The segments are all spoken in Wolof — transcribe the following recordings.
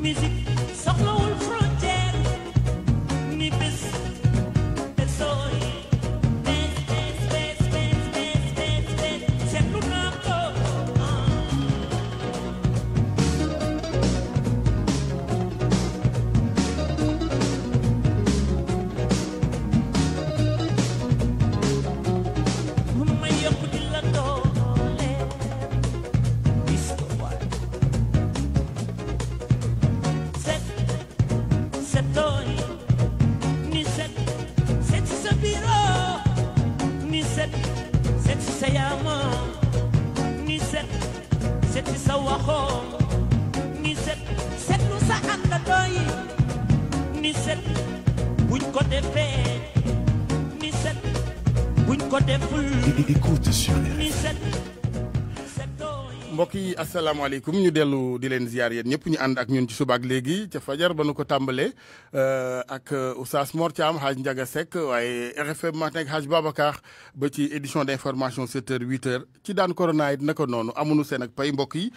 musique soxla mbokk yi asalaamaaleykum ñu dellu di leen ziar yéen ñëpp ñu ànd ak ñun ci subaak léegi ca fajar ba nu ko tàmbalee euh, ak euh, Oustaz Mor Thiam Hadj Ndiaga Seck waaye RFM matin ak Hadj Babacar ba ci édition d' information 7 heures ci daan corona it naka noonu amuñu seen ak pay mbokk yi.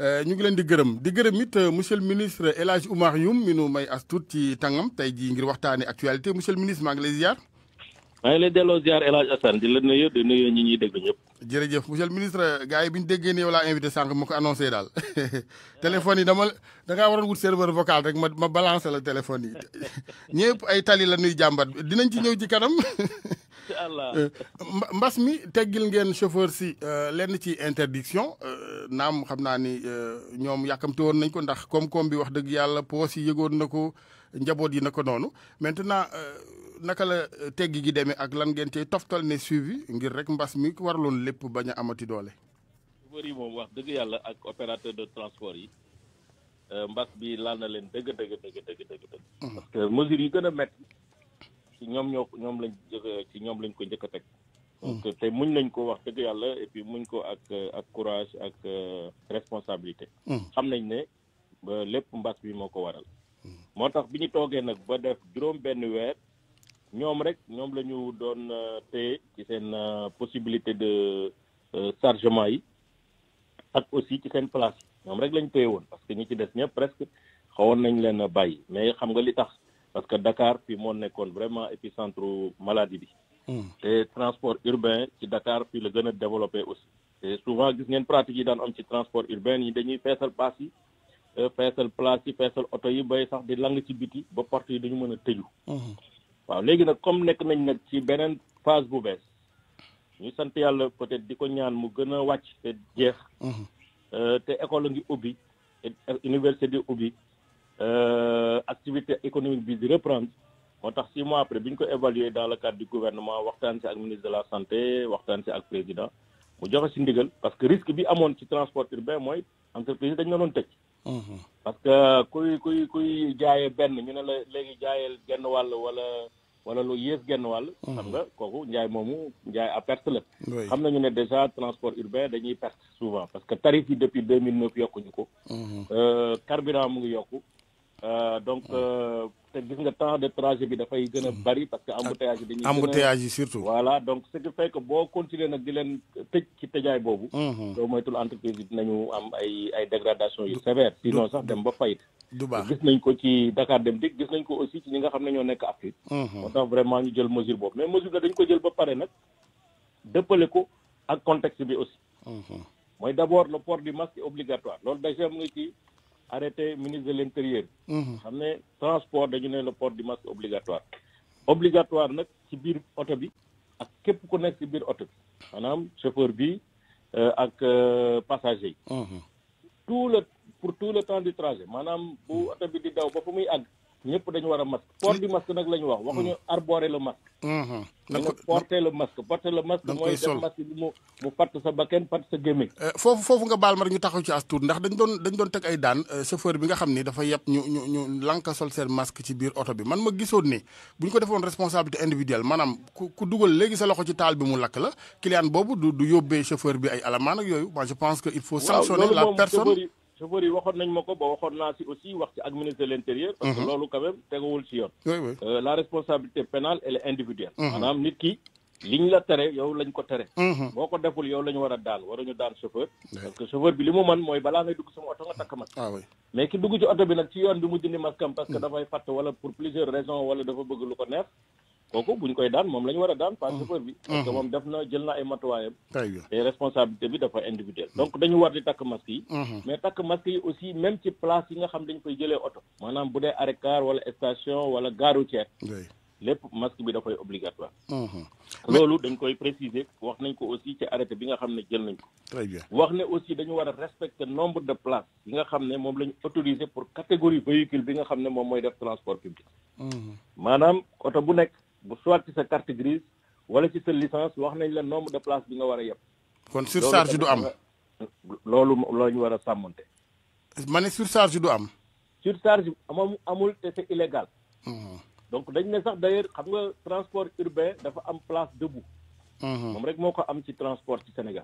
Euh, ñu ngi leen di gërëm di gërëm it monsieur ministre élage Hadj Oumar Youm mi nu may as tuut ci tàngam tey jii ngir waxtaan waxtaanee actualité monsieur le ministre maa ngi lay maa ngi lay delloo ziar El Hadj di la nuyu di nuyu ñi ñuy dégg ñëpp. jërëjëf monsieur le ministre gars yi bi ñu déggee ni yow laa invité sànq ma ko annoncé daal téléphone yi dama da ngaa waroon wut serveur vocal rek ma ma la téléphone yi ñëpp ay tali la nuy jàmbat dinañ ci ñëw ci kanam. allah euh, mbas mi teggil ngeen chauffeur si euh, lenn ci interdiction euh, naam xam naa ni ñoom yàkkamte woon nañ ko ndax koom-koom bi wax dëgg yàlla poos yi yëgoon na ko njaboot yi na ko noonu naka la euh, teggi gi demee ak lan ngeen cey toftal ne suivi ngir rek mbas mi warloon lépp bañ a amati doole. chauffeur yi moom wax dëgg yàlla ak opérateur de transport yi euh, mbas bi laal na leen dëgg dëgg dëgg dëgg dëgg. Mhm. yi gën a ñoom ñoo ñoom lañ ci ñoom lañ ko njëkk a teg. Mhm. donc te muñ nañ ko wax dëgg yàlla et muñ ko ak euh, ak courage ak responsabilité. Mhm. xam nañ ne lépp mbas bi moo ko waral. moo tax bi ñu toogee nag ba def juróom benn weer ñoom rek ñoom la ñu doon euh, téye ci seen euh, possibilité de euh, chargement yi ak aussi ci seen place yi ñoom rek la ñu téye woon parce que ñi ci des ñëpp presque xawoon nañ leen bàyyi mais xam nga li tax parce que Dakar fi moo nekkoon vraiment épicentre maladie bi. Hmm. te transport urbain ci Dakar fii la gën a développé aussi. te souvent gis ngeen pratique yi daan am ci transport urbain yi dañuy feesal paas yi feesal place yi feesal oto yi bay sax di lang ci biti ba porte yi dañu mën a tëju. Hmm waaw léegi nag comme nekk nañ ci phase bu bees ñu peut-être ñaan mu de mhm. euh, école euh, euh, activité économique bi reprendre moo tax six mois après bi évaluer dans le cadre du gouvernement ministre de la santé waxtaan si président mu joxe parce que risque bi amoon ci transport urbain mooy entreprise dañ la doon tëj Mm-hmm. parce que kuy kuy kuy jaaye benn ñu ne la léegi jaayeel genn wàll wala wala lu yées genn wàll. Mm-hmm. xam nga kooku njaay moomu njaay à perte la. xam ñu ne déjà transport urbain dañuy perte souvent parce que tarif yi depuis mille 2009 yokkuñu ko. Mm-hmm. Euh, carburant mu ngi yokku. Euh, donc euh, te gis nga temps de trajet bi dafay gën a mm-hmm. bari parce que embouteillage yi dañuy embouteillage yi surtout voilà donc ce qui fait que boo continuer nag di leen tëj ci tëjaay boobu doo mm-hmm. moytul entreprise yi dinañu am ay ay dégradation yu sévère sinon sax dem ba fayit du baax gis nañ ko ci Dakar dem dikk gis nañ ko aussi ci ñi nga xam ne ñoo nekk Afrique mm-hmm. moo tax vraiment ñu jël mesure boobu mais mesure la dañ ko jël ba pare nag dëppale ko ak contexte bi aussi mooy d'abord le port du masque est arrêté ministre de l' intérieur. Mhm. xam ne transport dañu ne le port du masque obligatoire. obligatoire nag ci biir oto bi ak képp ku nekk ci biir oto bi maanaam chauffeur bi euh, ak euh, passager yi. Mhm. tout le pour tout le temps di trajet maanaam bu oto bi di daw ba fu muy àgg. ñëpp dañu war a masque port du masque nag la ñu wax mm. waxuñu arborer le masque mm-hmm. dañu porter le masque porter le masque mooy def masque bi mu mu fatt sa bakken fatt sa gémmiñ euh, foofu foofu nga baal ma ñu taxaw ci as ndax dañ doon dañ doon teg ay daan euh, chauffeur bi nga xam ni dafa yeb ñu ñu ñu lanka sol seen masque ci biir oto bi man ma gisoon ni bu ñu ko defoon responsabilité individuelle maanaam ku ku dugal léegi sa loxo ci taal bi mu lakk la client boobu du du yóbbee chauffeur bi ay alamaan ak yooyu moi je pense que il faut sanctionner chauffeurs yi waxoon nañ ma ko ba waxoon naa si aussi wax ci ak ministre de l'intérieur parce que mhm. loolu quand même tegawul si yoon euh, la responsabilité pénale elle est individuelle mhm. maanaam nit ki liñ la tere yow lañ ko tere mhm. boo ko deful yow lañ war a daan waruñu daan chauffeur parce que chauffeur bi li mu man mooy balaa ngay dugg sama oto nga takk masque ah mais ki dugg ci oto bi nag ci yoon bi mu dindi masque parce que dafay fàtt wala pour plusieurs raisons wala dafa bëgg lu ko neex kooku bu ñu koy daan moom la ñu a daan par chauffeur mm-hmm. bi mm-hmm. parce que moom def na jël na ay matuwaayam te responsabilité bi dafa individuelle mm-hmm. donc dañu war di takk masque yi mais takk masque yi aussi même ci place yi nga xam dañu fay jëlee oto loolu dañ koy préciser wax nañ ko aussi ci arrêté bi nga xam ne jël nañ ko très bien wax ne aussi dañu war a respecter de places yi nga xam ne moom la ñu autorisé pour catégorie véhicule bi nga xam ne moom mooy def transport public maanaam oto bu nekk bu soit ci sa carte grise wala ci sa licence wax nañ la nombre de place bi nga war a yëpp. kon surcharge du am loolu loolu ñu war a sàmmante. mane ne surcharge du am. surcharge moom amul te c'est illégal. Hmm. donc dañ ne sax d'ailleurs xam nga transport urbain dafa am place debout. Mm-hmm. moom rek moo ko am ci transport ci Sénégal.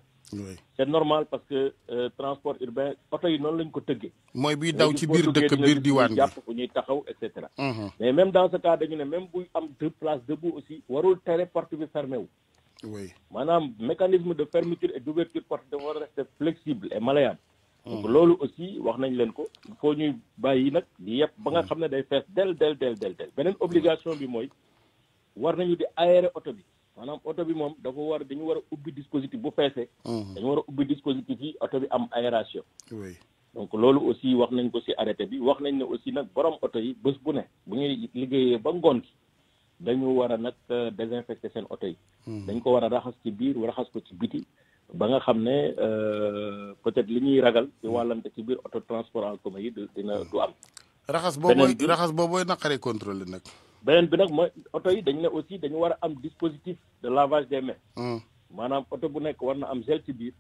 c'est normal parce que euh, transport urbain oto yi noonu lañ ko tëggee. mooy bii daw ci biir dëkk biir diwaan bi jàpp fu ñuy taxaw et cetera. Mm-hmm. mais même dans ce cas dañu ne même buy am deux places debout aussi warul tere porte bi fermé wu. maanaam mécanisme de fermeture et d'ouverture porte dafa war a rester flexible et malléable. Mm-hmm. donc loolu aussi wax nañ leen ko. il ñuy bàyyi nag di yëpp ba nga xam ne day fees del del del beneen obligation bi mooy war nañu di aérer oto bi. maanaam oto bi moom dafa war dañu war a ubbi dispositif bu feesee. Mhm. dañu war a ubbi dispositif yi oto bi am aération. oui donc loolu aussi wax nañ ko ci arrêté bi wax nañ ne aussi nag borom oto yi bés bu ne bu ñuy liggéeyee ba ngoon gi dañu war a nag euh, désinfecté seen oto yi. Mhm. dañ ko war a raxas ci biir raxas ko ci biti ba nga xam ne euh, peut-être li ñuy ragal ci mhm. wàllante ci biir oto transport en commun yi dina du am. raxas boobooy raxas boobooy naqaree contrôlé nag. beneen bi nag mooy oto yi dañu ne aussi dañu war a am dispositif de lavage des mains. Hmm. maanaam oto bu nekk war na am gel ci biir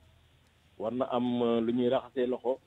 war na am euh, lu ñuy raxasee loxo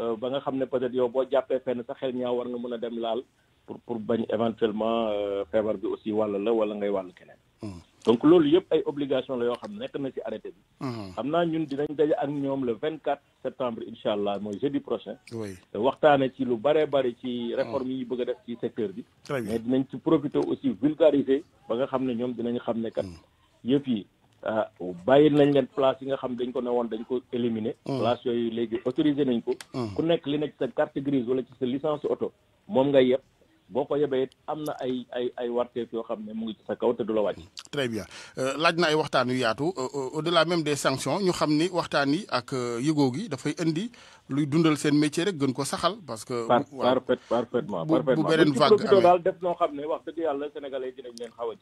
euh, ba nga xam ne peut-être yow boo jàppee fen sa xel ñaaw war nga mën a dem laal pour pour bañ éventuellement euh, feebar bi aussi wàll la wala ngay wàll keneen. Hmm. donc loolu yëpp ay obligation la yoo xam nekk na ci arrêté bi. Mhm. xam naa ñun dinañ daje ak ñoom le vingt quatre septembre incha allah mooy jeudi prochain. oui waxtaane ci lu bare bari ci. réforme yi ñu bëgg a def ci secteur bi. mais dinañ ci profiter aussi vulgariser ba nga xam ne ñoom dinañ xam ne kat mhm. yëpp yi. ah bàyyi nañ leen place yi nga xam dañ ko ne woon dañ ko éliminer mhm. place yooyu léegi autorisé nañ ko. ku nekk li nekk sa carte grise wala ci sa licence auto moom nga yëpp. boo ko yebee it am na ay ay ay warteef yoo xam ne mu ngi ci sa kaw te du la wàcc. très bien euh, laaj na ay waxtaan yu yaatu euh, euh, au delà même des sanctions ñu xam ni waxtaan yi ak yëgoo gi dafay indi luy dundal seen métier rek gën ko saxal que. waaw parfaitement bu beneen vague amee daal def loo xam ne wax dëgg yàlla sénégalais dinañ leen xaw a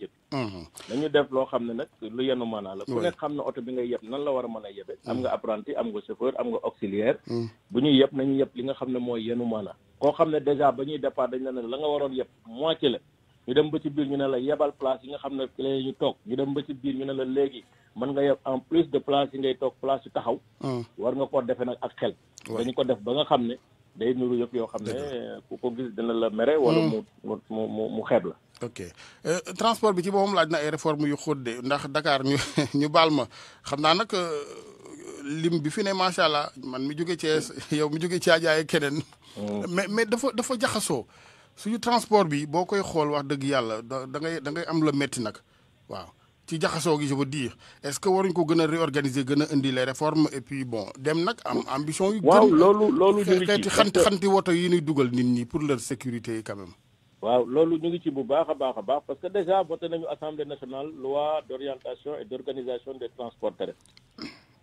mhm. nañu def loo xam ne nag lu yenu maanaa la. ku nekk xam na oto bi nga yeb nan la war a mën a yebe. Mhm. am nga apprenti am nga chauffeur am nga auxiliaire. Mhm. bu ñuy yeb nañu yeb li nga xam ne mooy yenu maanaa. koo xam ne dèjà ba ñuy départ dañ la ne la nga waroon yeb moitié la. ñu dem ba ci biir ñu ne la yebal place yi nga xam ne la ñu toog ñu dem ba ci biir ñu ne la léegi mën nga yeb en plus de place yi ngay toog place yu taxaw hmm. war nga ko defee nag ak xel dañu ko def ba nga xam ne day nuru yëpp yoo xam ne ku ko gis dina la mere wala hmm. mu mu mu xeeb la ok euh, transport bi ci boppam laaj na ay réforme yu xóot de ndax dakaar ñu baal ma xam naa nag euh, lim bi fi ne macha allah man mi jóge Thiès yow mi jóge Thiadiaye keneen hmm. mais mais dafa dafa jaxasoo le transport bi boo koy xool wax dëgg yàlla da ngay da je veux dire est-ce que waruñ ko réorganiser les réformes et puis bon dem am ambition yu. waaw loolu loolu ñu ci xanti xanti woto yi pour leur sécurité quand même. waaw ñu ngi ci bu parce que déjà voté nañu assemblée nationale loi d'orientation et d'organisation des transports terrestres.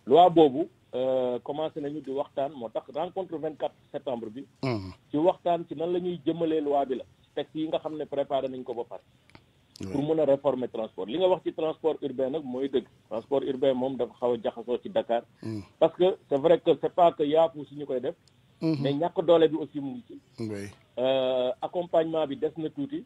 loi boobu euh, commencé nañu di waxtaan moo tax rencontre 24 septembre bi. Hmm. ci waxtaan ci nan la ñuy jëmalee loi bi la. texte yi nga xam ne préparé nañ ko ba pare. pour mën a réformer transport li nga wax ci transport urbain nag mooy dëgg. transport urbain moom dafa xaw a jaxasoo ci Dakar. Hmm. parce que c' est vrai que c' est pas que yaafu suñu koy def. Hmm. mais ñàkk doole bi aussi mu ngi ci. Euh, accompagnement bi des na tuuti.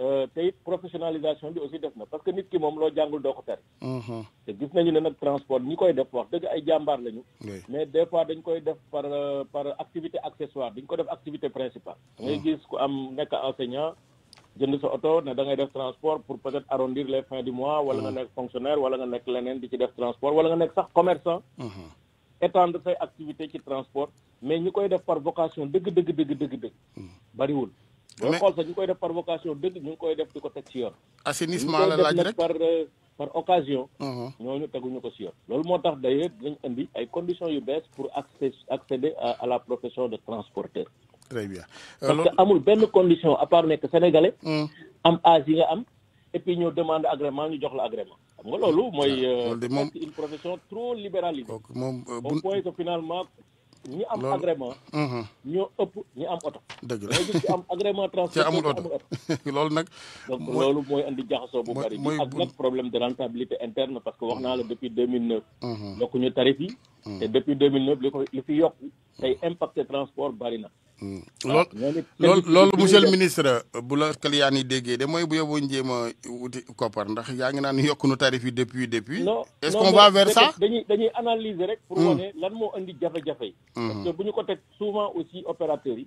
Euh, te it professionnalisation bi aussi def na parce que nit ki moom loo jàngul doo ko tere mhm. te gis nañu ne nag transport ñi koy def wax dëgg ay jàmbaar lañu mais des fois dañ koy def par euh, par activité accessoire dañ ko def activité principale da ngay mhm. gis ku am nekk enseignant jënd sa oto ne da ngay def transport pour peut être arrondir les fins du mois wala nga mhm. nekk fonctionnaire wala nga nekk leneen di ci def transport wala nga nekk sax commerçant étendre say activité ci transport mais ñi koy def par vocation dëgg dëgg dëgg dëgg dëgg bariwul mais ñu ngi def par vocation dëgg ñu ngi koy def di ko teg si yoon. assainissement la laaj rek par euh, par occasion. Uh-huh. ñooñu teguñu ko si yoon. loolu moo tax d'ailleurs dinañ indi ay conditions yu bees pour accéder à la profession de transporteur. très bien euh, parce que amul benn condition à part nekk sénégalais. Hmm. am âge yi nga am. et puis ñoo demande agrément ñu jox la agrément xam nga loolu moy ah, euh, loolu de moom une profession trop libéralisée. donc moom au point que finalement ñi am agrément. Mm-hmm. ñoo ëpp ñi am oto. dëgg la ci am agrément transport. amul oto loolu nag. donc loolu mooy andi jaxasoo bu bari. mooy ak nag problème de rentabilité interne parce que wax naa la mm-hmm. depuis 2009. Mm-hmm. ñu tarif yi. te depuis 2009 li ko li fi yokk tey impacté transport bari na. Hmm. lool ah, loolu monsieur le ministre euh, bu la Kaliyaani yi déggee de mooy bu yóbboo njéem a wuti koppar ndax yaa ngi naan yokk nu tarif yi depuis depuis. est ce qu'on va vers ça dañuy dañuy analyser rek. pour hmm. wane lan moo indi jafe-jafe hmm. parce que bu ñu ko teg souvent aussi opérateurs yi.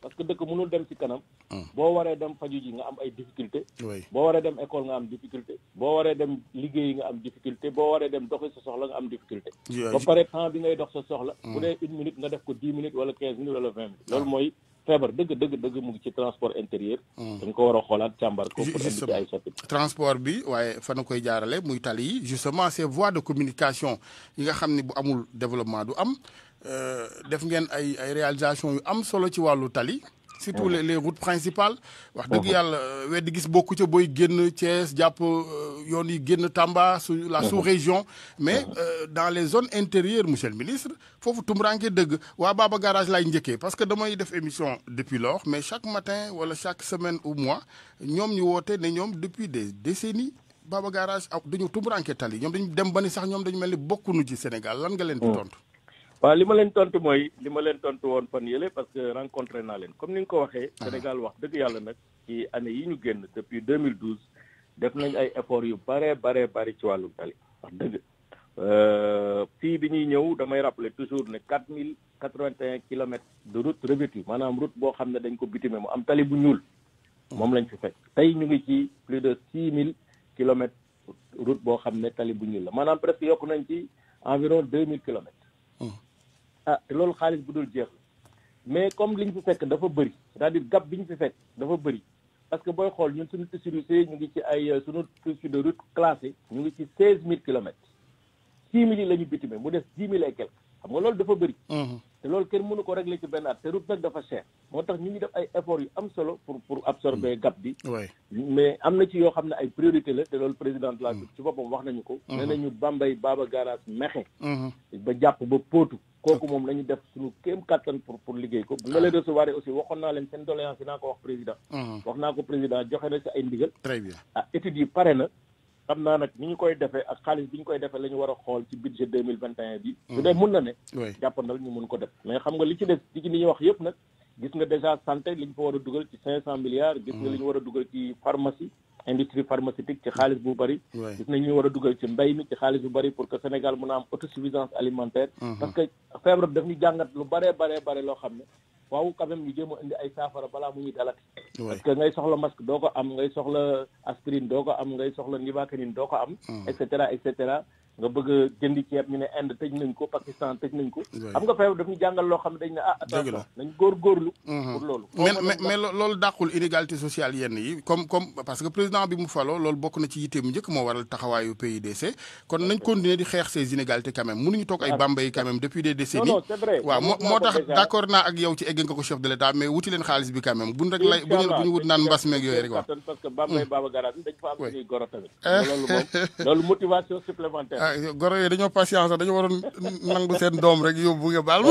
parce que dëkk mënul dem ci kanam. Hmm. boo waree dem faju ji nga am ay difficulté boo waree dem école nga am difficulté. boo waree dem liggéeyi nga am difficulté boo waree dem doxi sa soxla nga am difficulté. ba pare temps bi ngay dox sa soxla. Hmm. bu dee une minute nga def ko dix minutes wala quinze minutes wala ah. loolu mooy feebar dëgg dëgg dëgg mu ngi ci transport intérieur. Hmm. dañ ko war a xoolaat càmbar ko pour indi ci ay soppi. transport bi waaye fa na koy jaarale muy tali yi justement ces voies de communication yi nga xam ne bu amul développement du am. %e def ngeen ay ay réalisation yu am solo ci walu tali surtout les les routes principales wax deug yalla euh, weddi gis bokku ci boy génn Thiès jàpp euh, yoon yi Tamba sous la sous région mais dans les zones intérieures monsieur le ministre fofu foofu deug wa Baba garage lay njëkkee parce que damay def émission depuis lors mais chaque matin wala chaque semaine ou mois ñom ñu woté né ñom depuis des décennies Baba garage ah, dañu tumurànke tali ñom dañu dem bani sax ñom dañu melni ni ñu ci Sénégal lan nga leen di oh. tontu waaw li ma leen tontu mooy li ma leen tontu woon fan yële parce que rencontré naa leen comme ni nga ko waxee. Ah. Sénégal wax dëgg yàlla nag ci année yi ñu génn depuis 2012 def nañ ay efforts yu bare bare bari ci wàllu tali wax dëgg. Euh, fii bi ñuy ñëw damay rappeler toujours ne quatre mille quatre vingt un kilomètres de route revêtue maanaam route boo xam ne dañ ko bitumé mu am tali bu ñuul moom lañ fi fekk tey ñu ngi ci plus de six mille kilomètres route boo xam ne tali bu ñuul la maanaam presque yokk nañ ci environ deux mille kilomètres ah. ah te loolu xaalis bu dul jeex mais comme li ñu fi fekk dafa bëri c'est-à-dire gap bi ñu fi fekk dafa bëri parce que booy xool ñu ngi ci ay euh, suñu tissu de route ñu ngi ci seize mille kilomètres six mille yi la mu des dix mille et quelque xam nga loolu dafa bëri mhm. te loolu kenn mënu ko régler ci benn at te route nag dafa cher moo tax ñu ngi def ay efforts yu am solo pour pour absorber mhm. gap bi mais am na ci yoo xam ne ay priorité la te loolu président de la mhm. République ci boppam wax nañu ko nee nañu Bambey Baba Garage Mekhe ba jàpp kooku moom la def suñu kéem kattan pour pour liggéey ko bu nga leen ah. recevoir aussi waxoon naa leen seen doléance yi naa ko wax président ah. wax naa ko président joxe na si ay ndigal très bien ah, yi pare na xam naa nag ni ñu koy defee ak xaalis bi ñu koy defee la ñu war a xool ci budget deux mille vingt et un bi su dee mun na ne jàppandal ñu mun ko def mais xam nga li ci des ci li ñuy wax yëpp nag gis nga déjà santé li ñu fa war a dugal ci cinq cent milliards li war a dugal ci pharmacie industrie pharmaceutique ci xaalis bu bari gis nañ ñu war a dugal ci mbay mi ci xaalis bu bari pour que Sénégal mu a am autosuffisance alimentaire parce que feebar bi daf ñu jàngat lu bëree baree bëri loo xam ne faaw quand même ñu a indi ay saafara balaa mu ñuy dalati parce que ngay soxla masque doo ko am ngay soxla aspirine doo ko am ngay doo ko am mm. et cetera nga bëgg a ceeb ñu ne Inde tëj nañ ko Pakistan tëj nañ ko xam nga feebar daf ñu jàngal loo xam ne dañ ne ah attention nañ góorgóorlu mm-hmm. inégalité sociale yenn yi comme comme parce que président bi mu faloo loolu bokk na ci yitteem njëkk moo waral taxawaayu PIDC kon nañ continuer di xeex ces inégalités quand même mënuñu toog ay ah. bambay quand depuis des décennies dégg nga ko chef de l'état mais wuti leen xaalis bi quand même buñ rek lay buñu buñu wut naan mbass meeg yooyu rek wax parce que bambay hmm. Baba Garage dañ fa am suñuy goro tamit eh. loolu moom loolu motivation supplémentaire ah goro yooyu dañoo patience dañu waroon nangu seen doom rek yóbbu nga baal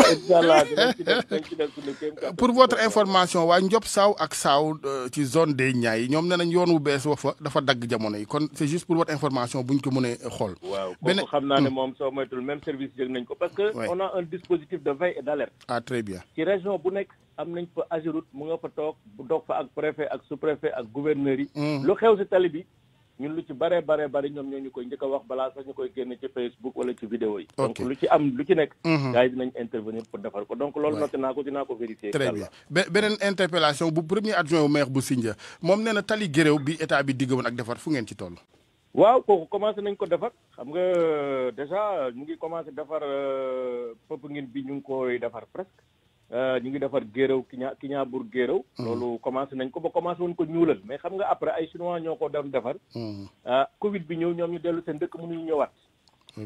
pour votre information wa ñop saw ak saw euh, ci zone des Niayes ñom ne nañ yoon wu bess wa fa dafa dag jamono yi kon c'est juste pour votre information buñ ko mëne xol ben kooku xam naa ne hmm. moom soo moytul même service yëg nañ ko parce que on a un dispositif de veille et d'alerte alerte ah très bien ci région bu nekk am nañ fa Ageroute mu nga fa toog bu doog fa ak préfet ak sous préfet ak gouverneur yi mm. lu xew si tali bi ñun lu ci bare bare bari ñoom ñoo ñu koy njëkk a wax balaa sax ñu koy génne ci Facebook wala ci vidéo yi donc lu ci am lu ci nekk mm-hmm. gars yi dinañ intervenir pour defar ko donc loolu noté naa ko dinaa ko vérifier très bien beneen interpellation bu premier adjoint wu maire bu Sindia moom nee na tali géréw bi état bi digg woon ak defar fu ngeen ci ko defar xam nga euh, déjà ñu ngi commencé defar euh, Popenguine bi ñu ngi koy defar presque Euh, ñu ngi defar géréw kiña kiña bur géréw hmm. loolu commencé nañ ko ba commencé woon ko ñuulal mais xam nga après ay chinois ñoo ko doon defar hmm. ah, covid bi ñëw ñoom ñu dellu seen dëkk mënuñu ñëwaat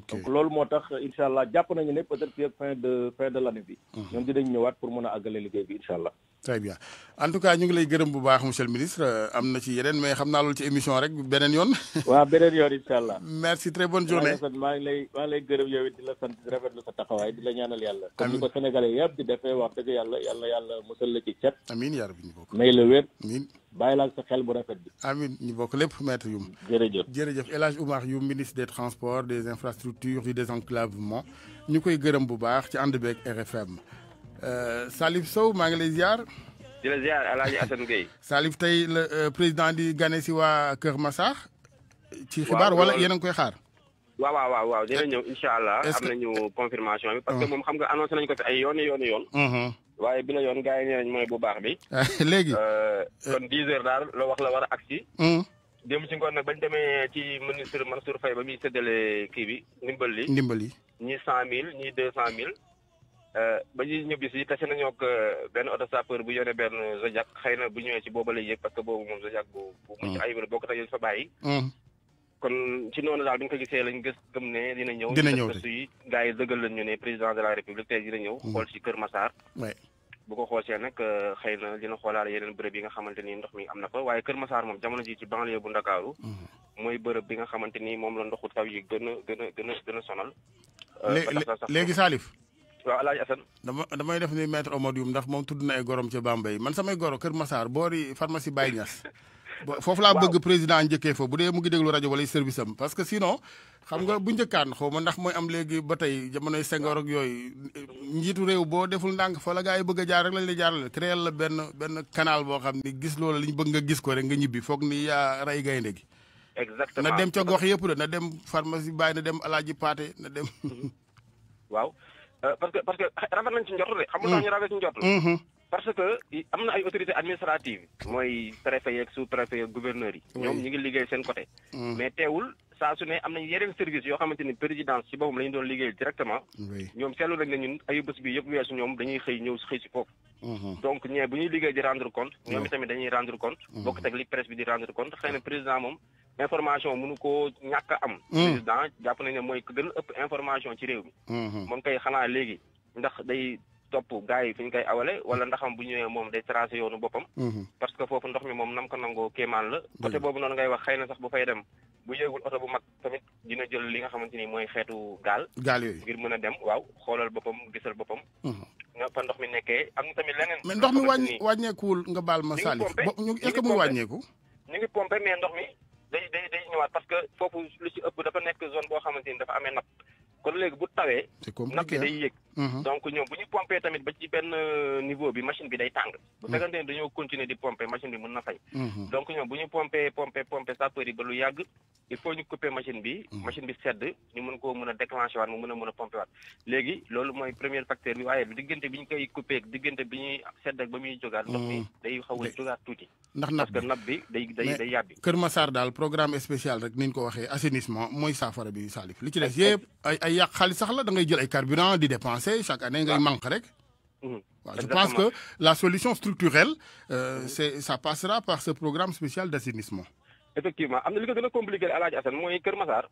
donc loolu moo tax incha allah jàpp nañu ne peut-être fii fin de fin bi hmm. ñoom dinañ ñëwaat pour mën a àggale liggéey bi incha allah très bien en tout cas ñu ngi lay gërëm bu baax monsieur le ministre euh, am na ci yeneen mais xam naa loolu ci émission rek beneen yoon. waaw beneen yoon inshallah merci très bonne journée maa ngi lay maa ngi lay gërëm yow it di la sant di rafetlu sa taxawaay di la ñaanal yàlla. amiin comme ni ko sénégalais yëpp di defee wax dëgg yàlla yàlla yàlla musal la ci cet. amin yaa rabbi ñu bokk. may la wér. amin bàyyi la sa xel bu rafet bi. amin ñu bokk lépp maître yum jërëjëf jërëjëf elage Oumar Youm ministre des transports des infrastructures du désenclavement ñu koy gërëm bu baax ci ànd beeg RFM Euh, Salif Sow maa ngi lay ziar. di la ziar El Hadj Assane Gueye. tey la euh, président di gane si waa Kër ma Massar. ci xibaar wala yéen a koy xaar. waaw waaw waaw dina ñëw incha allah. am nañu confirmation bi. parce que uh-huh. moom xam nga annoncé nañu ko fi ay yoon i yoon i yoon. Uh-huh. waaye bi la yoon gars yi nee mooy bu baax bi. léegi. Euh, kon dix heures daal la wax la war a agsi. Uh-huh. démb ci ngoon bañ demee ci ministre Mansour Faye ba muy séddale kii bi ndimbal li. ndimbal li ñii cent mille ñii mille. ba ñuy ñëbbi si tase nañoo ak euh, benn oto sapeur bu yore benn zodiac xëy na bu ñëwee ci booba lay yëg parce que boobu moom zodiac bu bu mucc mm. ayib la boo ko tëjee fa bàyyi. Mm. kon ci noonu daal bi nga ko yi dëggal lañ ñu ne président de la république tey dina ñëw. Mm. xool si Kër Massar. bu ko xoosee nag euh, xëy na dina xoolaat yeneen bërëb yi nga xamante ni ndox mi am na ko waaye Kër Massar moom jamono ji ci banlieue bu Ndakaaru mooy bërëb bi nga xamante ni moom la ndoxu taw yi gën a gën a gën a gën a sonal. Euh, léegi Salif waaw El Hadj Assane. dama damay def ni maître Omar Youm ndax moom tudd na ay gorom ca Bambey man samay goro Kër Massar boori pharmacie Baye Niass. foofu laa bëgg président njëkkee fa bu dee mu ngi déglu rajo wala service am parce que sinon. xam nga bu njëkkaan xaw ma ndax mooy am léegi ba tey jamonoy Senghor yooyu. njiitu réew boo deful ndànk fa gaa yi bëgg a jaar rek lañ lay jaarale créer la benn benn canal boo xam ni gis loola liñ bëgg nga gis ko rek nga ñibbi foog ni yaa rey gaynde gi. dem ca gox yëpp de na dem pharmacie Baye na dem alaaji Paate na dem. Euh, parce que parce que rafet nañ ci njortu de. xamul tax ñu mm. ci njortu. Mm-hmm. parce que am na ay autorités administratives. mooy préfet yeeg sous préfet yeeg yi. ñoom ñu ngi liggéey seen côté. Mm. mais teewul saa su ne am nañu yeneen service yoo xamante ni présidence ci boppam la ñu doon liggéeyal directement. ñoom seetlu nañ ne ñun ayu bés bi yëpp weesu ñoom dañuy xëy ñëw xëy si foofu. Mhm. donc ñee bu ñuy liggéey di rendre compte. ñoom itamit dañuy rendre compte. Mhm. bokk ak li presse bi di rendre compte xëy na président moom information mënu koo ñàkk a am. Mhm. président jàpp nañ ne mooy gën ëpp information ci réew mi. moom kay xanaa léegi ndax day. topp gars yi fi ñu koy awale wala ndaxam bu ñëwee moom day tracé yoonu boppam parce que foofu ndox mi moom nam ko nangoo kéemaan la côté boobu noonu wax xëy na sax bu fay dem bu yéegul oto bu mag tamit dina jël li nga xamante ni mooy xeetu gaal. gaal yooyu ngir mën a dem waaw xoolal boppam gisal boppam. Mhm. nga ndox mi nekkee am na tamit leneen. mais ndox mi wàññi wàññeekuwul nga baal ma. Salif ñu est-ce que muy wàññeeku. ñu ngi pompé mais ndox mi day day ñëwaat parce que foofu lu ci ëpp dafa nekk zone boo xamante ni dafa amee napp kon léegi bu tawee. c'est compliqué napp bi day yéeg. Mm-hmm. donc ñoom bu ñu pompé tamit ba ci benn euh, niveau bi machine bi day tàng. bu fekkante ne dañoo continuer di pompé machine bi mën na fay. Mm-hmm. donc ñoom bu ñu pompé pompé pompé sapeur yi ba lu yàgg il faut ñu couper machine bi. Mm-hmm. machine bi sedd ñu mën ko mën a déclenché waat mu mën a mën a pompé waat léegi loolu mooy premier facteur bi waaye diggante bi ñu koy coupé ak diggante bi ñuy sedd ak ba muy jógaat. ndox mi day xaw a tuuti. ndax napp bi bi day day day yàbbi. Kër Massar daal programme spécial rek ni ñu ko waxee assainissement mooy saafara bi Salif li ci des yëpp ay ay yàq financé, chaque année, il manque. Voilà, mmh. je pense que la solution structurelle, euh, mmh. ça passera par ce programme spécial d'assainissement. Effectivement, am na li ko gën a compliqué El Hadj Assane mooy Kër Massar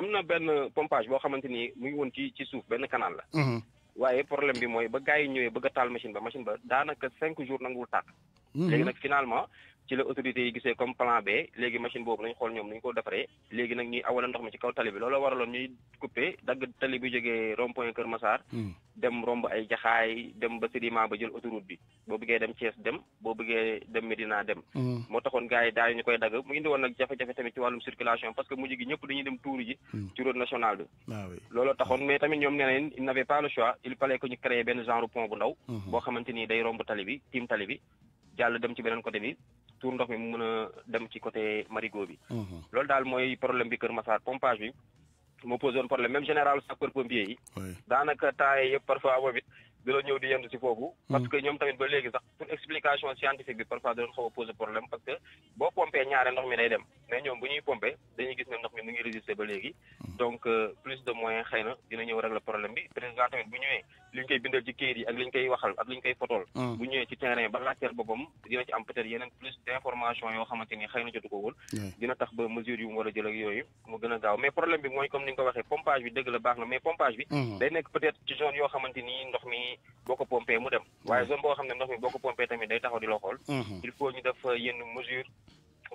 am na benn pompage bo xamanteni muy won ci ci souf ben canal la. Mmh. waye problème bi moy ba gaay ñëwé bëgg taal machine ba machine ba daanaka 5 jours nangul tàkk. légui nak finalement ci la autorités yi gisee comme plan B léegi machine boobu lañ xool ñoom nañu ko defaree léegi nag ñuy awala ndox mi ci kaw tali bi loolu waraloon ñuy coupé dagg tali bu jógee rond point Kër Massar hmm. dem romb ay jaxaay dem ba Sédiment ba jël autoroute bi boo bëggee dem Thiès dem boo bëggee dem Médina dem hmm. moo taxoon gars yi daal ñu koy dagg mu indi woon nag jafe-jafe tamit ci wàllum circulation parce que mujj gi ñëpp dañuy dem tuuru ji hmm. ci route nationale ah ni day romb tali dem ci beneen côté pour ndox mi mu mën dem ci côté marigo bi. Mhm. loolu dal moy problème bi keur Massar pompage bi mo pose woon problème même général sapeur pompier yi. danaka temps yepp parfois boobu it di la ñëw di yendu ci fofu mhm. parce que ñom tamit ba légui sax pour explication scientifique bi parfois da xaw pose problème parce que bo pompé ñaare ndox mi day dem mais ñom bu ñuy pompé dañuy gis ne ndox mi mu ngi résister ba légui mhm. donc euh, plus de moyens xeyna dina ñëw régler problème bi président tamit bu ñëwee. liñ koy bindal ci kayit ak liñ koy waxal ak liñ koy fotol hmm. bu ñëwee ci terrain ba laajteel boppam dina ci am plus d'information yoo xamante ni na jotu ko woon dina tax ba mesure yu war a jël ak yooyu mu gën a gaaw mais problème bi mooy comme ni ko waxee pompage bi dëgg la baax na mais pompage bi hmm. day nekk peut ci zone yoo xamante ndox mi boo ko pompé mu dem waaye hmm. zone boo xam ne ndox mi boo ko pompé tamit day taxaw di la il faut ñu def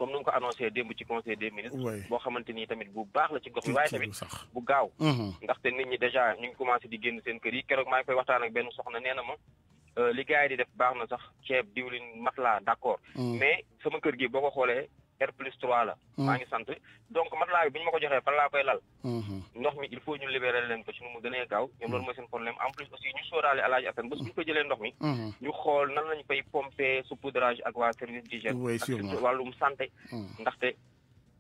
comme nu nga ko annoncé démb ci conseil des ministres. boo xamante ni tamit bu baax la ci gox waaye tamit bu gaaw. Mhm. ndaxte nit ñi déjà ñu ngi di génn seen kër yi keroog maa ngi koy waxtaan ak benn soxna nee na ma. Euh, li gars yi di def baax na sax ceeb diwlin matelas d'accord. Mhm. mais sama kër gi boo ko xoolee R plus 3 la. Mm. maa ngi sant donc matelas bi bu ñu ma ko joxee fan laa koy lal. Mm-hmm. ndox mi il faut ñu libérer leen ko ci nu mu gënee gaaw ñoom loolu mm. seen problème en plus jëlee ndox mi. Mm-hmm. ñu xool nan lañu koy pomper saupoudrage ak service d'hygiène. ak santé. Mm. ndaxte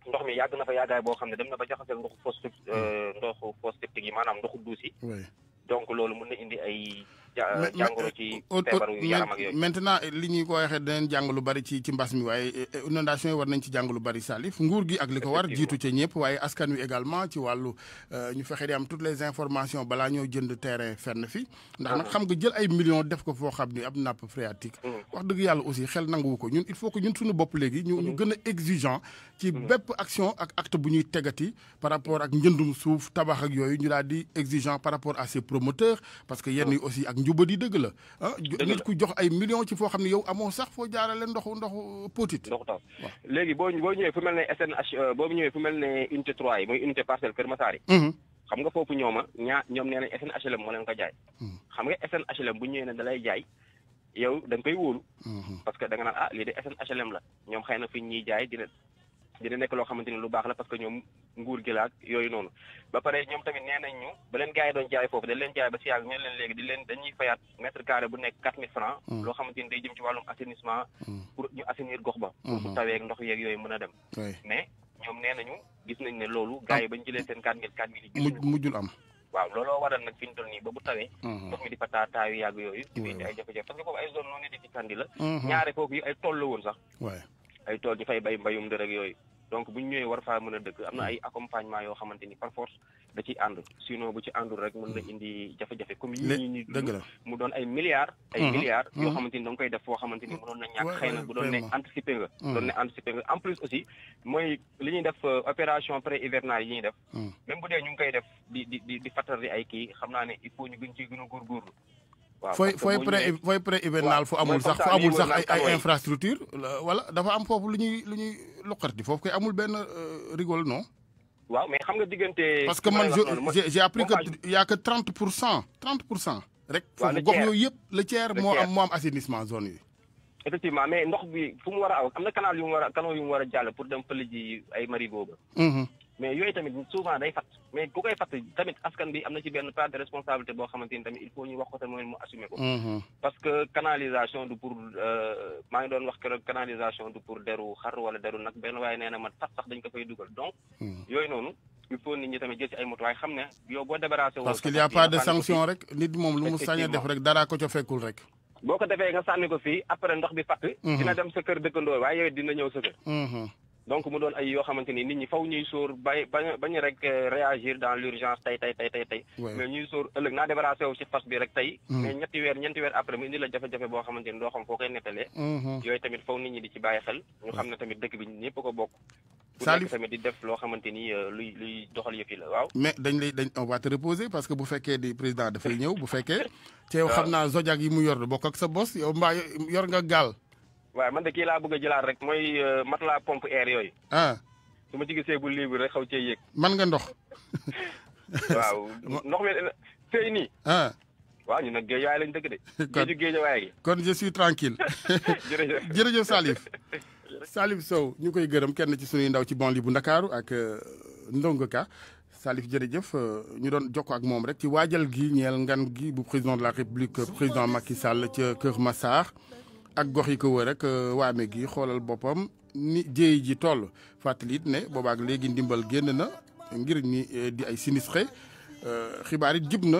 ndox mi yàgg na fa yàggaay boo xam ne dem na ba jaxaseel ndoxu fosse euh, ndoxu fosse septique yi maanaam ndoxu duus donc loolu mën na indi ay. jàngoro ci eh, maintenant eh, li ñuy ko waxe danañ jàng lu bari ci ci mbass mi waaye eh, inondation war nañ ci jàng lu bari Salif nguur gi ak liko war jitu ci ñepp waaye askan wi également ci walu euh, ñu fexé di am toutes les informations bala ñoo jënd terrain fenn fi ndax nak ah. xam nga jël ay millions def ko fo xam ni ab nap phréatique mm. wax dëgg yalla aussi xel nanguwu ko ñun il faut que ñun suñu bop légui ñu ñu mm-hmm. gën exigeant ci mm. bép action ak acte bu ñuy tegati par rapport ak njëndum suuf tabax ak yooyu ñu daal di exigeant par rapport à ces promoteurs parce que yenn yi ah. aussi ak njubadi dëgg la ah nit ku jox ay millions ci foo xam ne yow amoo sax foo jaarale ndoxu ndoxu euh, potit ndoxu taw léegi boo boo ñëwee fu mel ne SNH euh, boo mooy unité parcelle Kër Massar yi mm-hmm. xam nga foofu ñooma ñaa ñoom nee nañ SNHLM moo leen ko jaay mm-hmm. xam nga SNHLM bu ñëwee ne da lay jaay yow da nga wóolu mm-hmm. parce que da naan ah, lii de SNHLM la ñoom xëy na fi ñuy jaay dina dina nekk loo xamante ni lu baax la parce que ñoom nguur gi la ak yooyu noonu ba pare ñoom tamit nee nañ ñu ba leen gars yi doon jaay foofu dañ leen jaay ba si yàgg ñu leen léegi dañuy fayaat mètre carré bu nekk quatre mille francs mm. loo xamante day jëm ci wàllum assainissement mm. pour ñu assainir gox ba pour mm-hmm. bu tawee ak ndox yeeg yooyu mën a gis nañ ne loolu gars yi ah. yi mujjul am waaw looloo waral nag fi ñu toll nii ba bu tawee mm-hmm. ndox mi di fa taa taayu yàgg yooyu di ay jafe-jafe parce que foofu ay zone non la mm-hmm. ñaare ay tool ñu fay bay mbayum dër yooyu donc bu ñëwee war faa mën a dëkk am na ay accompagnement yoo xamante ni par force da ciy ànd sinon bu ci àndul rek mën na indi jafe-jafe comme yi ñi mu doon ay milliards ay milliards yoo xamante ni da koy def foo xamante ni mënoon na ñàkk xëy na bu doon ne anticiper nga doon ne anticiper nga en plus aussi mooy li ñuy def euh, opération pré hivernale yi ñuy def même bu dee ñu ngi koy def di di di di fàttali ay kii xam naa ne il faut ñu gën ci gën a góorgóorlu waaw fooy fooy pré fooy pré hivernal fu amul sax fu amul sax ay ay infrastructure voilà euh, dafa am foofu lu ñuy lu ñuy luqarti foofu koy amul benn euh, rigole non. waaw mais xam nga diggante. parce que man je j'ai appris que y' a que 30 pour cent 30 pour cent. rek foofu gox yooyu yëpp. le tiers moo am moo am assainissement zone yi. effectivement mais ndox bi fu mu war a aw am na canal yu mu war a canaux yu mu war a jàll pour dem fële ji ay mari boobu. Mm-hmm. mais yooyu tamit souvent day fat mais ku koy fat tamit askan bi am na ci benn part de responsabilité boo xamante ni tamit il faut ñu wax ko tamit mooy mu mm-hmm. euh, maa ngi doon wax keroog canalisation du pour deru xar wala deru nag benn waaye nee na man fat sax dañ ko fay dugal donc. Mm-hmm. yooyu noonu il faut nit ñi tamit jël ci ay motuwaay xam ne yow boo débarrassé. parce qu'il y a pas de sanction rek nit moom lu mu sañ def rek dara ko ca fekkul rek. boo ko defee nga sànni ko fii après ndox bi fatt. Mm-hmm. dina dem sa kër dëkkandoo waaye yow dina donc mu doon ay yoo xamante ni nit ñi faw ñuy sóor bay bañ rek euh, réagir dans l'urgence tey tey tey tey tey mais ñuy sóor ëllëg naa débarrassé wu si fas bi rek tey mm. mais ñetti weer ñeenti weer après mu indi la jafe-jafe boo xamante ni doo xam foo koy nettalee mm-hmm. yooyu tamit faw nit ñi di ci bàyyi xel ñu xam ne tamit dëkk bi ñëpp ko bokk ku nekk tamit di def loo xamante ni euh, luy luy doxal yëf yi la waaw mais dañ lay dañ on va te reposer parce que bu fekkee di président dafay ñëw bu fekkee te yow xam naa zodiac yi mu yor bokk ak sa bos yow mbaa yor nga gaal waaye man de kii laa bëgg a jëlaat rek mooy euh, matelas pompe air yooyu. ah. su ma ci gisee bu libre rek xaw cee yéeg. man nga ndox. waaw ndox mi tey nii. ah. waaw ñu nag géej waaye lañ dëkk de. kon géeju waaye gi. kon tranquille jërëjëf jërëjëf Salif. Salif Sow ñu koy gërëm kenn ci sunuy ndaw ci banlieue bu Ndakaaru ak euh, Ndongo Ka Salif jërëjëf euh, ñu doon jokk ak moom rek ci waajal gi ñeel ngan gi bu président de la république président Macky Sall ca Kër Massar. ak gox yi ko wër gi euh, xoolal ni ji toll ne na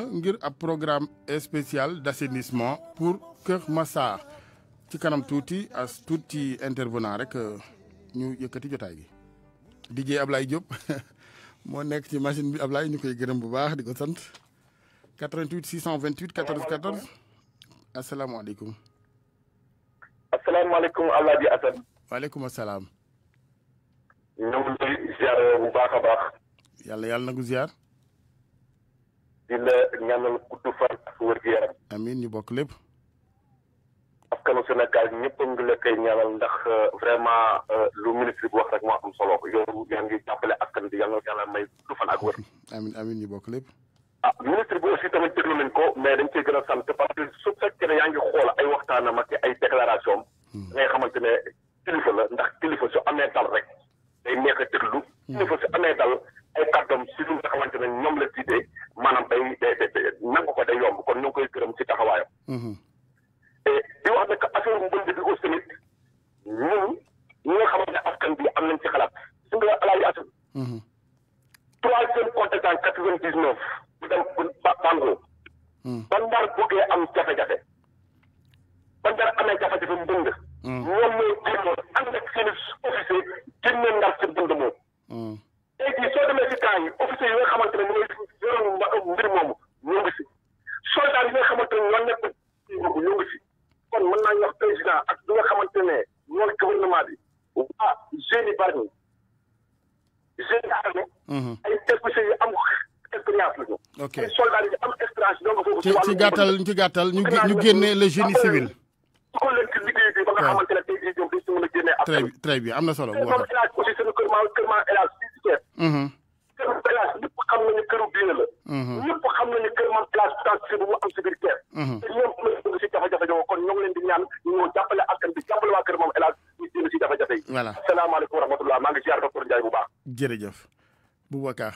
ngir programme spécial d'assainissement pour Kër Massa. ci kanam as tuuti intervenant rek euh, ñu yëkkati jotaay gi. DJ Ablaye Diop moo nekk ci machine bi Ablaye ñu gërëm bu 88 628 14 asalaamaaleykum Alaaji Assane. waaleykum asalaam. ñëw lay ziar bu baax a baax. yàlla yàlla na ko ziar. di la ñaanal gudd fan ak wér gu yaram. amiin ñu bokk lépp. askanu Sénégal ñëpp a ngi la koy ñaanal ndax vraiment lu ministre bi wax rek moo am solo yow yaa ngi jàppale askan bi yàlla na yàlla may gudd fan ak wér. amiin amiin ñu bokk lépp. ah ministre bi aussi tamit déglu nañ ko mais dañ cee gën a sant parce que su fekkee ne yaa ngi xool ay waxtaanam ak ay déclaration am. Hmm. ne kilifa la ndax kilifa su amee dal rek day neex a déglu. Hmm. kilifa su amee dal ay kàddoom si li nga xamante ne ñoom la jiitee maanaam day day day nangu ko day yomb kon koy gërëm si taxawaayam. Hmm. et di wax nag affaire mbënd bi aussi tamit ñun am nañ ci xalaat. su nga alaayu atum. troisième compétence quatre-vingt-dix-neuf. di dem bànqóo. Hmm. ba Ndar bëggee am jafe-jafe. ba Ndar amee jafe-jafe mbënd. Hmm. ñoom ñooy jéemoon ànd ak seen officier génne Ndar ci mbënd moom. Hmm. tey jii soo demee ci temps yi officier yi nga xamante ne ñooy yoroon mbir moomu ñoo soo si. soldat yi nga xamante ne ñoo nekk kon mën naa ñu wax ak bi nga xamante ne ñooy gouvernement bi. waa jeunes yi ay députés yu am. ok am expérience donc foofu. ci ci gàttal ñu ñu génne le génie civil. waaw ba a génne. très très bien am na solo. bu baax a aussi seen kër maa kër maa El Hadj si mm-hmm. la. Mm-hmm. mu am si biir terre. Mm-hmm. te ñoom ñoo ngi si jafe-jafe ñoo kon ñoo ngi leen di ñaan ñu ñëw jàppale askan bi jàppale waa kër moom El Hadj ñu génn si jafe-jafe yi. voilà salaamaaleykum maa ngi si ziar docteur Ndiaye bu baax. jërëjëf Boubacar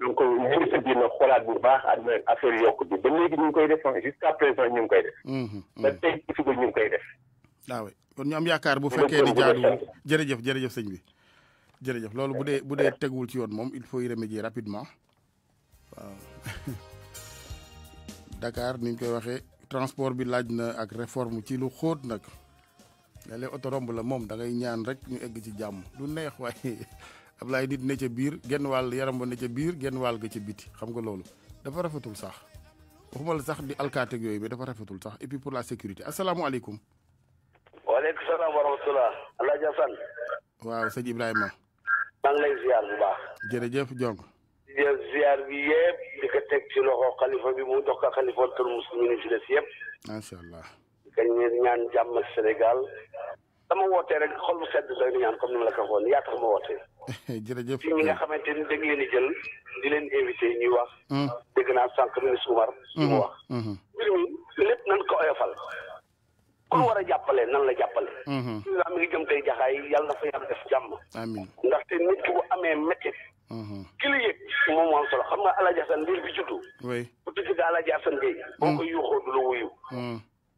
donc ministre bi na xoolaat bu baax ak affaire yokk bi ba léegi ñu ngi koy def jusqu'à présent ñu ngi koy def. Hum, hum, hum. ba tey ci suba ñu ngi koy def. waaw ah kon ñu am yaakaar bu fekke ni jaadu jërëjëf jërëjëf señ bi jërëjëf loolu bu dee bu dee teguwul ci yoon moom il faut y remédier rapidement waaw Dakar ni ñu koy waxee transport bi laaj na ak réforme ci lu xóot nag léeg-léeg oto romb la moom da ngay ñaan rek ñu egg ci jàmm lu neex waaye. Ablaye nit ne ca biir genn wàll yaram ba ca biir genn wàll ga ca biti xam nga loolu dafa rafetul sax waxuma la sax di alkaateeg yooyu mais dafa rafetul sax et puis pour la sécurité asalaamualeykum. waaleykum salaam wa rahmatulah. Alaaji Asan. waaw sëñ Ibrahima. maa ngi lay ziar bu baax. jërëjëf Jong. di ziar bi yëpp di teg ci loxo xalifa bi mu dox ko xalifatul muslimin fi des yëpp. allah. di ko ñaan jàmm Sénégal. dama wootee rek xol bu sedd doy na ñaan comme ni ma la ko waxoon yaa tax ma wootee. jërëjëf fi ñi nga xamante ni dañ leen di jël di leen invité ñuy wax. Hmm. dégg naa sànq ministre Umar. ñu mu hmm. wax. Hmm. mbir lépp nañ ko oyofal. ku war a jàppale nan la jàppale. na ndaxte nit ki bu amee métti. ki la yëg moom moo am solo xam nga a Hadj Assane mbir bi juddu. oui bu tudd Alaaji Assane Gueye. boo ko yuuxoo du la wuyu.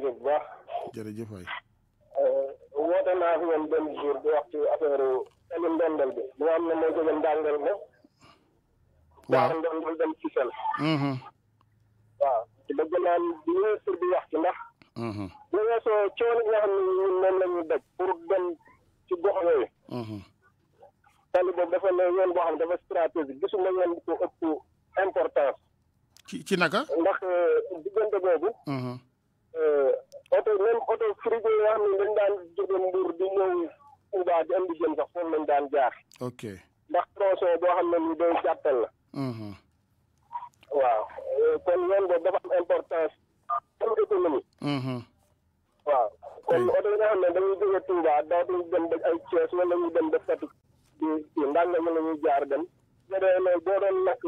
rajo bu baax. jërëjëf waay. Eh, woote naa fi woon benn jour di wax ci affaire tali ndondal bi. bi nga xam ne mooy jóge ndàngal ba. dem ci sel. Mm-hmm. waaw ci bëgg naan bi ministre wax ci ndax. Mm-hmm. bu weesoo coono nga xam ne ñun moom la ñu daj pour dem ci gox yooyu. Mm-hmm. tali boobu dafa ne yoon boo xam dafa stratégique gisuma yoon bu ko ëpp importance. ci ci naka. ndax eh, diggante boobu. Eh, oto même oto frigo yi nga xam ne dañ daan jóge mbuur di ñëw Touba di andi jëm sax foofu lañ daan jaar. ok ndax tronçon boo xam ne lu doy jàppal la. Mhm. waaw eh, kon yoon boobu dafa am importance am économie. Mhm. waaw kon oto yi nga xam dañuy jóge Touba dootuñ dem ba ay Thiès wala ñu dem ba Fatick di di ndànk la ñuy jaar dem. bu dee loolu boo doon lakk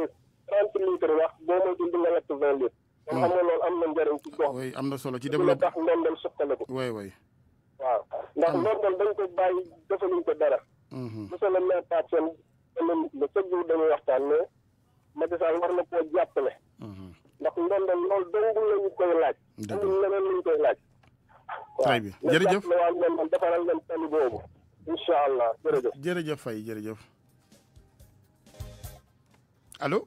trente litres wax boo moytuwul di nga lakk vingt litres. nga xam loolu am na njëriñ ci gox. oui am na solo ci développement tax ndondal suqaliku. oui oui. waaw ndax ndondal dañ ko bàyyi defaluñ ko dara. Mhm. monsieur le maire Pape Sène danañ le chaque jour dañuy waxtaan ne Macky Sall war na koo jàppale. Mhm. ndax ndondal loolu dong la ñu koy laaj. dëgg la leneen luñ koy laaj. très bien jërëjëf waaw ndax ndondal defaral leen tali boobu. incha allah jërëjëf. jërëjëf Faye jërëjëf allo.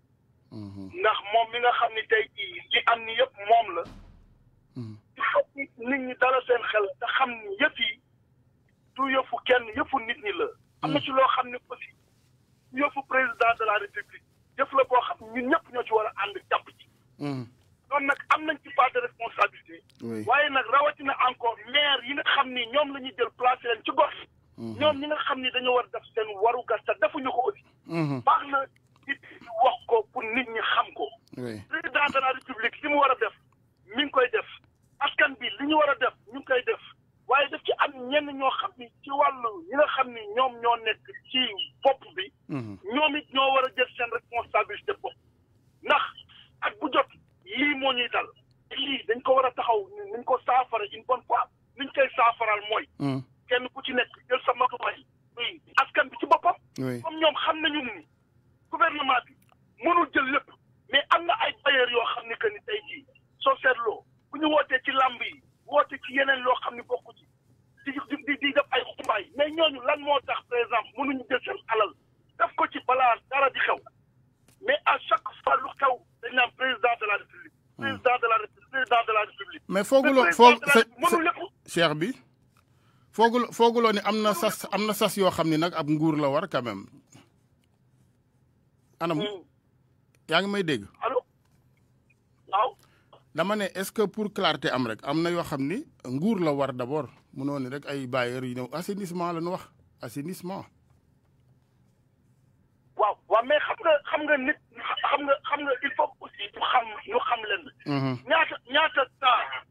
ndax moom mi nga xam ni tey jii li am ni yëpp moom la. il nit ñi dala seen xel te xam ni yëf yi du yëfu kenn yëfu nit ñi la. am na ci loo xam ne aussi yëfu président de la république yëf la boo xam ñun ñëpp ñoo ci war a ànd jàpp ci. kon nag am nañ ci pas de responsabilité. waaye nag rawatina encore maire yi nga xam ni ñoom la ñuy jël placé leen ci gox. ñoom ñi nga xam ni dañoo war def seen waru gas te defuñu ko aussi. baax na. président de la république li mu war a def mi ngi koy def askan bi li ñu war a def ñu ngi koy def waaye def ci am ñenn ñoo xam ni ci wàllu yi nga xam ni ñoom ñoo nekk ci fooguloo foog cheikh bi foogul fooguloo ni am na sas am na sas yoo xam ni nag ab nguur la war quand même anam hmm. yaa ngi may dégg waaw dama ne est-ce que pour clarté am rek am na yoo xam ni nguur la war d'abord mu ni rek ay bailleurs yu ñëw assainissement la ñu wax assainissement waaw waaw mais xam nga xam nga xam nga il faut aussi ñu xam ñu xam leen mhm. ñaata ñaata temps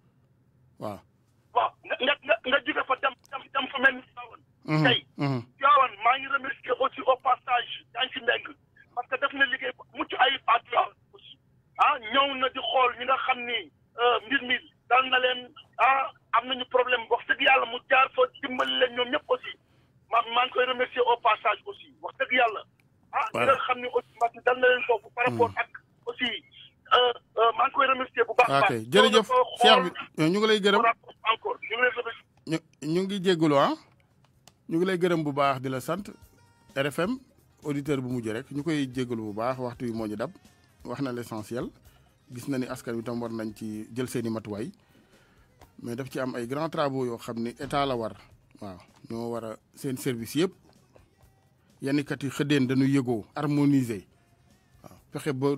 waaw waaw nga nga nga jóge fa dem dem dem fu mel ni Tivaouane mhm, tey mhm. Tivaouane maa ngi remercier aussi au passage yaa ngi si ndeng parce que def na liggéey mucc ayib à Tivaouane aussi ah ñëw na di xool ñi nga xam ni euh, mbir mi dal na leen ah am nañu problème wax dëgg yàlla mu jaar fa dimbali leen ñoom ñëpp aussi maa maa ngi koy remercier au passage aussi wax dëgg yàlla ah ñi nga xam ni aussi mbas mi dal na leen foofu par rapport mhm. ak aussi euh, Euh, maa a jërëjëf Cheikh bi euh, ñu ngi lay gërëm ñu ngi lay ñu ah. ñu ngi lay gërëm bu baax di la sant RFM auditeur bu mujj rek ñu koy jégalu bu baax waxtu wi moo ñu dab wax na l'essentiel gis na ni askan wi tam war nañ ci jël seen matuwaay mais daf ci am ay grands travaux yoo xam ni état la war waaw ñoo war a seen service yëpp yanikat yi xëddeen dañuy yëgoo harmoniser waaw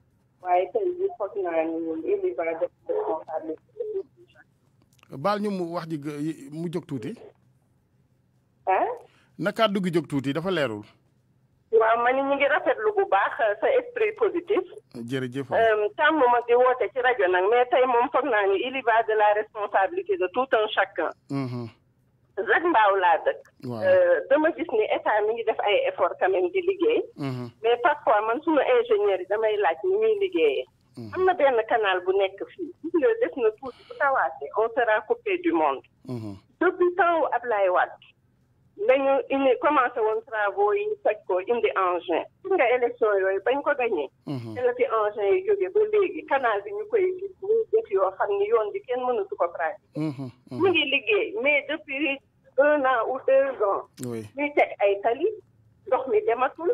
baal ñu mu wax di mu jóg tuuti. hein na kàddu gi jóg tuuti dafa leerul. waaw man ñi ngi rafetlu bu baax sa esprit positif. euh tàmm ma di wote ci radio nak mais tey moom foog naa ni il y va de la responsabilité de tout un chacun. hmm Zagbaaw laa dëkk. Euh, dama gis ni état mi effort quand même di mhm. mais parfois man suma ingénieur damay laaj ni liggéeyee. Mhm. canal bu nekk fii gis def na on sera coupé du monde. Mhm. depuis temps Ablaye Wade indi commencé woon travaux yi faj ko indi engin. gis nga élection yooyu bañ ko je suis fi engin yi jóge ba léegi canal bi ñu koy gis muy def ni yoon bi kenn mënatu ko mais depuis un an ou deux ans. Oui. Mais à Italie, donc mes dématoules.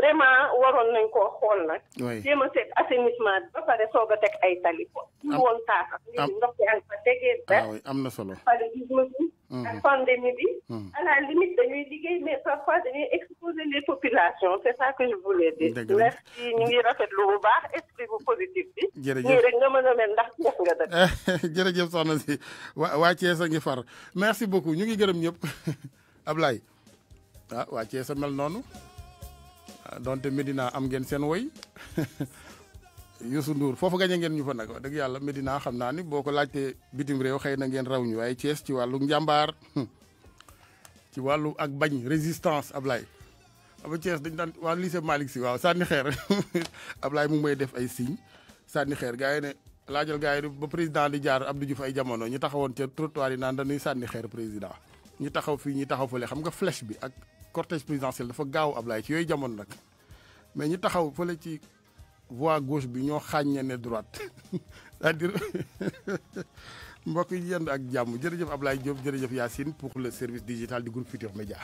vraiment waron nañ ko xol nak jéem a assainissement ba pare soga tek ay tali ko. am woon taata. am ndox ci ngi fa ah ba ah oui am na solo paludisme bi. Mhm. ak pandémie bi. Mhm. à la limite dañuy liggéey mais parfois dañuy exposer les populations c'est ça que je voulais dire. dëgg la merci ñu ngi rafetlu bu baax esprit bu positif bi. jërëjëf rek nga mëna a mel ndax def nga dëkk. jërëjëf soxna si waa waa Thiès a ngi far merci beaucoup ñu ngi gërëm ñëpp Ablaye ah waa Thiès mel noonu. donte Medina am ngeen seen woy Youssou Ndour foofu gañe ngeen ñu fa nag wax dëgg yàlla médina xam naa ni boo ko laajtee bitim réew xëy na ngeen raw ñu waaye Thiès ci wàllu njàmbaar hmm. ci wàllu ak bañ résistance ab aba Thiès dañ daan waa lycée Malick waaw sànni xeer Ablaye mu ngi may def ay signe sànni xeer gaa yi ne laajal gaa yi ba président di jaar Abdou Diouf ay jamono ñu taxawoon ca trottoir yi naan dañuy sànni xeer président ñu taxaw fii ñu taxaw fële xam nga flèche bi ak cortège présidentiel dafa gaaw Ablaye ci yooyu mais ñu taxaw fële ci gauche bi droite c'est-à-dire mbokk yi ak pour le service digital du groupe Futur Média